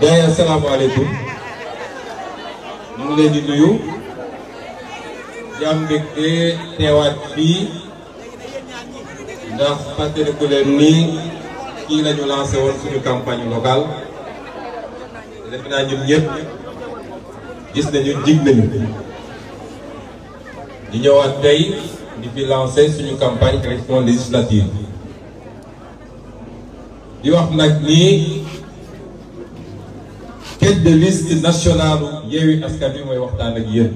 gars yi asalaamaaleykum ñu ngi leen di nuyu di am mbégte teewaat bii ndax fàttaliku leen nii kii lañu ñu lancé woon suñu campagne locale defe naa ñun ñëpp gis nañu dig nañu di ñëwaat tey di fi lancé suñu campagne élection législative di wax nag nii. tête de liste nationalu Yewwi Askan Wi mooy waxtaan ak yéen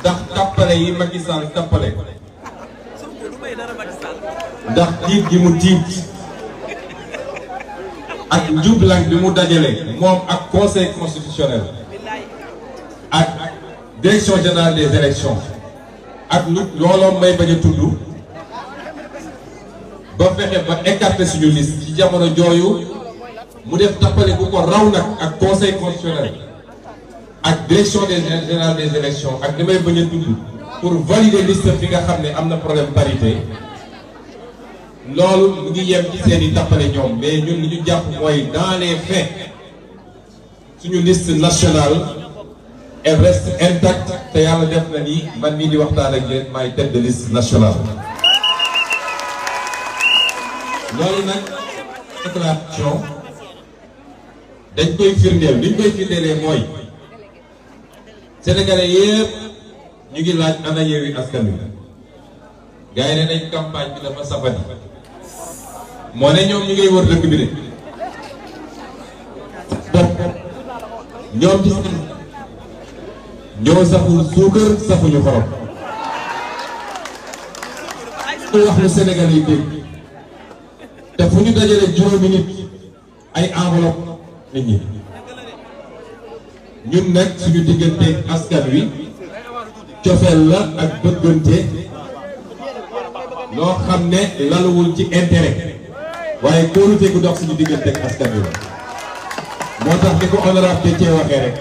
ndax tappale yi Macky Sall mu tiit ak njublang bi mu dajale moom ak conseil constitutionnel ak direction générale des élections ak lu looloo may tudd ba fexe ba écarté suñu liste ci jamono jooyu mu def tappale bu ko raw nag ak conseil constitutionnel ak direction des générale des ak li may bañ pour valider liste bi nga xam ne am na problème parité loolu mu ngi yem ci i tappale ñoom mais ñun li ñu jàpp mooy dans les faits suñu liste national elle reste te yàlla def na ni man mii di waxtaan ak yéen maay tête de liste nationale loolu nag déclaration dañ koy firndeel li ñu koy firndeelee mooy sénégalais yëpp ñu ngi laaj ana Yewwi Askan Wi gars yi ne nañ campagne bi dafa safati moo ne ñoom ñu ngi wër dëkk bi de bopp ñoom gis nañ suukar safuñu xorom. wax lu Sénégal yi dégg. te fu ñu dajale juróomi nit ay enveloppe nit ñi ñun nag suñu digganteeg askan wi cofeel la ak bëggante loo xam ne laluwul ci intérêt waaye kóolute gu dox suñu digganteeg askan wi la moo tax ni ko honorable te cee rek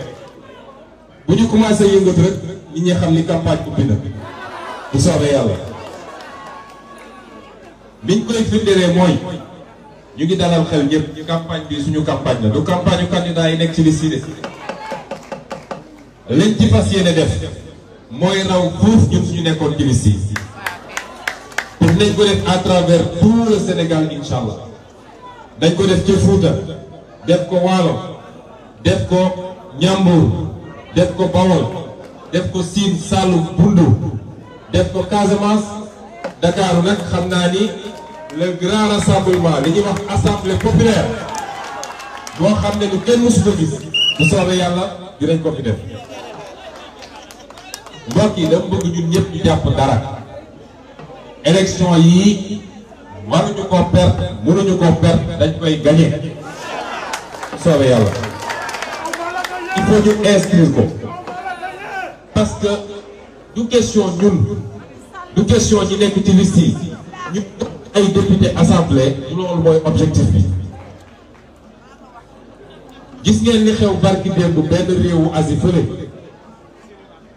bu ñu commencé yëngatu rek nit xam ni campagne ubbi na bu soobee yàlla liñ koy firndelee mooy ñu ngi dalal xel ñëpp campagne bi suñu campagne la du campagne yu candidat yi nekk ci liste yi de liñ ci fas yéene def mooy raw fuuf ñun suñu nekkoon ci liste yi pour nañ ko def à travers tout le Sénégal incha allah dañ ko def ci Fouta def ko Waalo def ko Ñambur def ko Bawol def ko Sine Saloum Bundu def ko Casamance Dakar nag xam naa ni. le grand rassemblement li ñuy wax assemblée populaire boo xam ne lu kenn mësu ko bu soobee yàlla dinañ ko fi def mbokk yi dama bëgg ñun ñëpp ñu jàpp dara élection yii waruñu ko perte mënuñu ko perte dañ koy gagné soobee yàlla il faut ñu ko parce que du question ñun du question ñi nekk ci liste yi ay député assemblée loolu mooy objectif bi gis ngeen li xew barki démb benn réewu Asie fële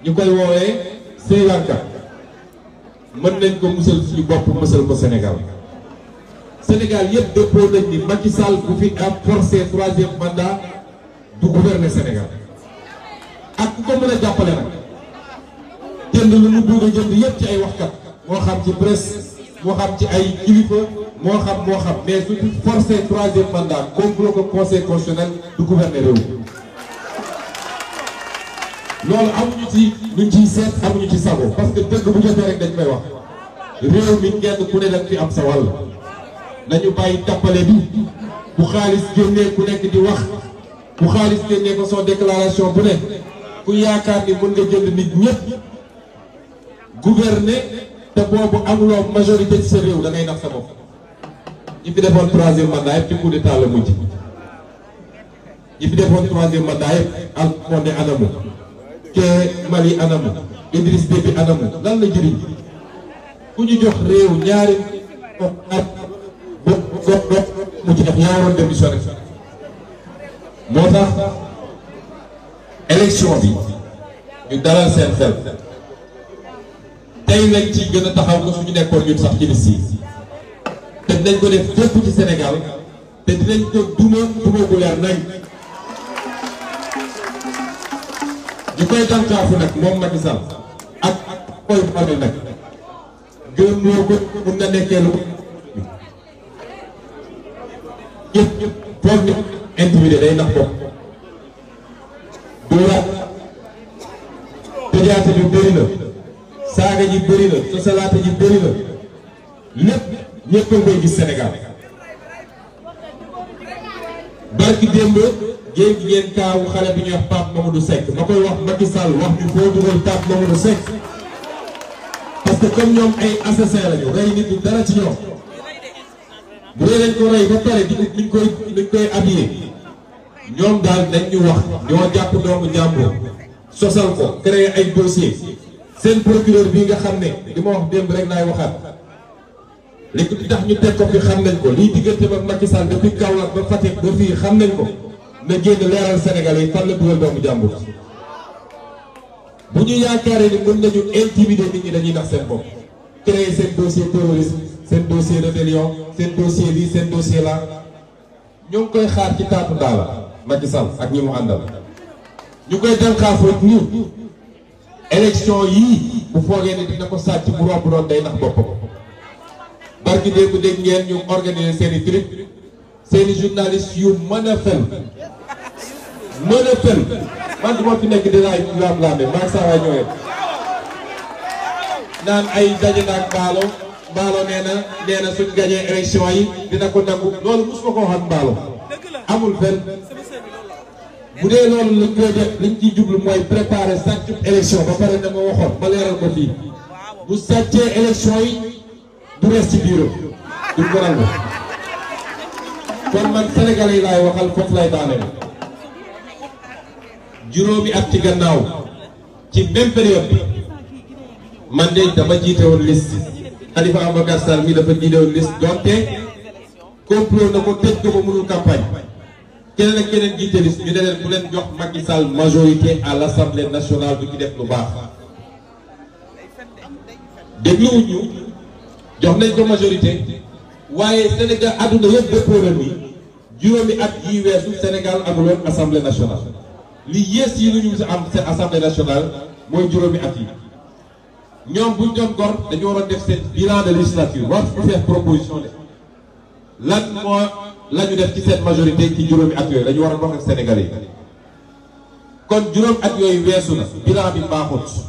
ñu koy woowee Sri mën nañ ko musal suñu bopp musal ko Sénégal Sénégal yëpp dëppoo nañ ni Macky Sall bu fi am forcé troisième mandat du gouverner Sénégal ak ku ko mën a jàppale nag lu mu buuga jënd yëpp ci ay waxkat moo xam ci presse moo xam ci ay kilifa xam moo xam mais suñu forcé troisième mandat complot ko conseil loolu amuñu ci luñ ci seet amuñu ci sago parce que dëgg bu jotee rek dañ may wax réew mi ngeen ku ne dañ fi am sa wàll nañu bàyyi tappale bi bu xaalis génnee ku nekk di wax bu xaalis génnee ko son déclaration bu ne ku yaakaar ni mën nga jënd nit ñëpp gouverner te boobu amuloo majorité ci sa réew da ngay nax sa bopp ñi fi defoon troisième mandat yëpp ci coup d'état la mujj ñi fi defoon troisième mandat yëpp al Condé anamu kee Mali anamu Idriss Déby anamu lan la jëriñ ku ñu jox réew ñaari gox at gox gox gox mu ci def yaa waroon moo tax élection bi ñu dalal seen xel danañ leen ci gën a taxaw ko suñu nekkoon ñun sax ci liste te dinañ ko def ci Sénégal te dinañ ko duma duma bu nañ ñu koy dànkaafu nag moom Macky Sall ak ak koy xamee nag gëm loo ko mun na nekkee lu ñëpp foog nit intimidé day nax bopp dóoraat tëjaate bi bëri na saaga ji bëri na sosalaate ji bëri na lépp ñëpp a koy gis Sénégal barki démb géej gi ngeen kaawu xale bi ñuy wax Pape Mamadou Seck ma koy wax Macky Sall wax ni foo dugal Pape Mamadou Seck parce que comme ñoom ay assassin lañu rey nit ñi dara ci ñoom bu dee ko rey ba pare di ñu koy dañ koy ñoom daal dañ wax ñoo jàpp doomu jàmbur sosal ko créer ay dossier seen procureur bii nga xam ne li ma wax démb rek laay waxaat li tax ñu teg ko fi xam nañ ko liy diggante ba Macky Sall depuis Kaolack ba Fatick ba fii xam nañ ko na génn leeral Sénégal yi fan la dugal doomu jàmbur bu ñu yaakaaree ni mën nañu intimider nit ñi dañuy nax seen bopp créer seen dossier terrorisme seen dossier rébellion seen dossier lii seen dossier là ñoo koy xaar ci taatu daala Macky Sall ak ñi mu àndal ñu koy dem xaar foofu élection yii bu foogee ne dina ko sàcc bu romb doon day nax boppam barki démb dégg ngeen ñu organiser seen i trip seen i journaliste yu mën a fel mën a fel man du fi nekk dinaa laam-laame maa saa waay ñëwee naan ay daje naag mbaalo mbaalo nee na nee na suñ gañee élection yi dina ko nangu loolu mosuma koo xam mbaalo amul fel bu dee loolu lañ koy def liñ ci jublu mooy préparer sàcc élection ba pare dama waxoon ma leeral ko fii bu sàccee élection yi du res ci bureau du ko ràññoo kon man sénégalais yi laay waxal foofu lay daaneel juróomi at ci gannaaw ci même période man de dama jiite woon liste Khalifa Ababacar Sall mi dafa jiite woon liste donte na ko tëj ko ba mënul campagne. keneen ak keneen jiite liste ñu ne leen bu leen jox Macky Sall majorité à l' assemblée nationale du ci def lu baax dégluwuñ ñu jox nañ ko majorité waaye Sénégal àdduna yëpp dëppoo na juróomi at yii weesu Sénégal amuloon assemblée nationale li yées yi lu ñu am seen assemblée nationale mooy juróomi at yi. ñoom bu ñu doon gor dañu war a def seen bilan de législature war faire proposition de lan la ñu def ci seet majorité ci juróomi at yooyu la ñu waroon wax ak Sénégalais yi kon juróom at yooyu weesu na bilan bi baaxut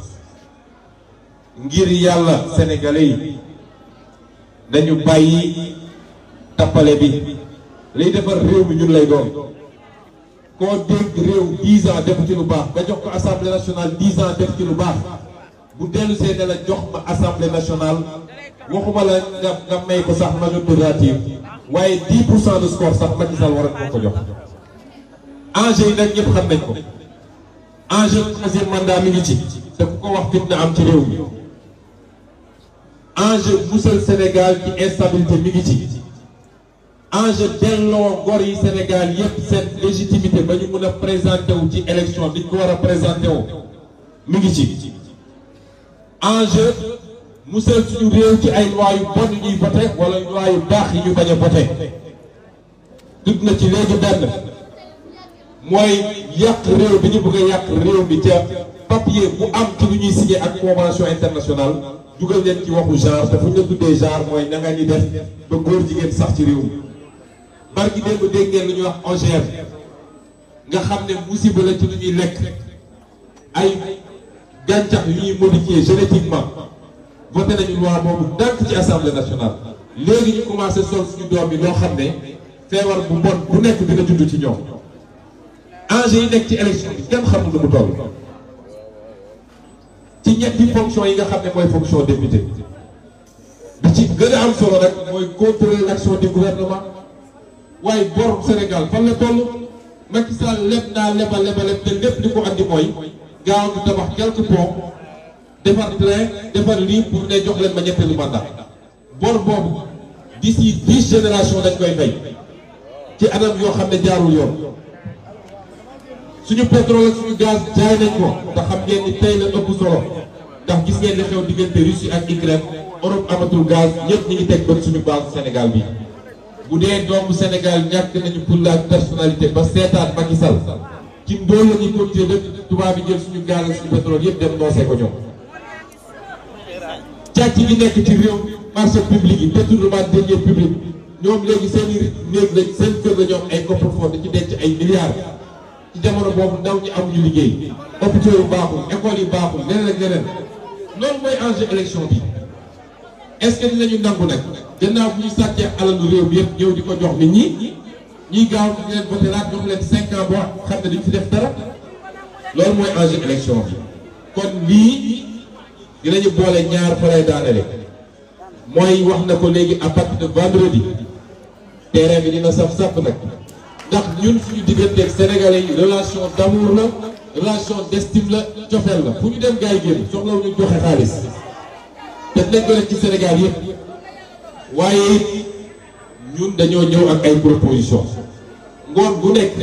ngir yàlla Sénégalais yi dañu bàyyi tappale bi liy defar réew mi ñun lay doon koo dégg réew 10 def ci lu baax nga jox ko assemblée national 10 ans def ci lu baax bu dellu see ne la jox ma assemblée nationale waxuma la nga nga may ko sax majorité relative waaye 10 pour cent de score sax Macky Sall waroon moo ko jox enjeu yi nag ñëpp xam nañ ko enjeu troisième mandat mi ngi ci te ku ko wax fitna am ci réew mi enjeu musal Sénégal ci instabilité mi ngi ci enjeu delloo gor yi Sénégal yépp seen légitimité ba ñu mun a présenté wu ci élection di ko war a présenté wu mi ngi ci enjeu musal suñu réew ci ay loi yu bon ñuy voté wala loi yu baax yi ñu bañ a voté tudd na ci léegi benn mooy yàq réew bi ñu bëgg a yàq réew bi ca papier bu am ci lu ñuy signé ak convention internationale dugal leen ci waxu genre te fu ñu la tuddee genre mooy na nga ñu def ba góor jigéen sax ci réew mi barki démb dégg ngeen lu ñuy wax OGM nga xam ne musiba la ci lu ñuy lekk ay gàncax yu ñuy modifié génétiquement voté nañu loi boobu dànk ci assemblée nationale léegi ñu commencé sol suñu doom yi loo xam ne feebar bu bon bu nekk dina judd ci ñoom enjeu yi nekk ci élection bi kenn xamul lu mu ñetti fonction yi nga xam ne mooy fonction député bi ci gën a am solo rek mooy contrôler l'action du gouvernement waaye bor Sénégal fan la toll Macky Sall leb naa leba leba leb te lépp li ko andi mooy gaaw ñu tabax quelques ponts defar train defar lii pour ne jox leen ma ñetteelu mandat bor boobu d'ici dix génération dañ koy fay ci anam yoo xam ne jaarul yoon suñu pétrole ak suñu gaz jaay nañ ko te xam ngeen ni tey la ëpp solo ndax gis ngeen li xew diggante Russie ak Ukraine Europe amatul gaz ñëpp ñi ngi teg bët suñu base Sénégal bi bu dee doomu senegal ñàkk nañu pour la personnalité ba seetaan Macky Sall ci ndóol la ñuy continuer def tubaab bi jël suñu gaz ak suñu pétrole yëpp dem noosee ko càcc yi nekk ci réew marché public yi détournement de deniers publics ñoom léegi seen i néeg lañ seen kër la ñoom ay coffre-fort di ci denc ay milliards ci jamono boobu ndaw ñi amuñu liggéey hôpitaux yu baaxul écoles yi baaxul leneen ak leneen loolu mooy enjeu élection bi est-ce que dinañu nangu nag gannaaw bu ñu sàccee alalu réew mi yëpp ñëw di ko jox nit ñi ñuy gaaw di leen voté laat jox leen cinq ans xam ne duñ fi def dara loolu mooy enjeu élection bi kon lii dinañu boole ñaar fa lay daanale mooy wax na ko léegi à partir de vendredi terrain bi dina saf saf nag ndax ñun suñu digganteeg sénégalais yi relation d'amour la relation d'estime la cofeel la fu ñu dem gaay génn soxlawu ñu joxe xaalis te dinañ ci Sénégal yëpp waaye ñun dañoo ñëw ak ay proposition ngoon bu nekk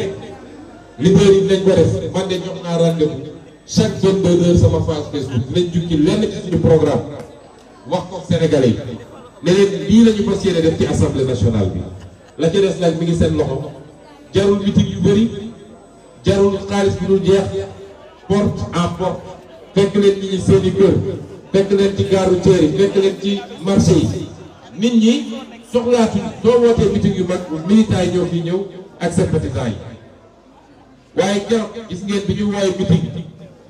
libér yi dinañ ko def man de jox naa rendez chaque 22 heures sama page Facebook dinañ jukki lenn ci suñu programme wax ko Sénégalais yi ne leen lii la ñu fas def ci assemblée nationale bi la ca des nag ngi seen loxo jarul meeting yu bëri jarul xaalis bu dul jeex porte en porte fekk leen nit ñi seen i kër fekk leen ci gaaru teer yi fekk leen ci marché yi nit ñi soxlaatu soo wootee meeting yu mag militants yi ñoo fi ñëw ak sympathisants yi waaye keroog gis bi ñu wooye meeting.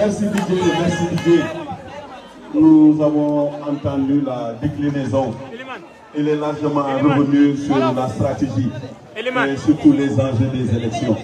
Merci DJ, merci Nous avons entendu la déclinaison. Il est largement revenu sur la stratégie et surtout les enjeux des élections.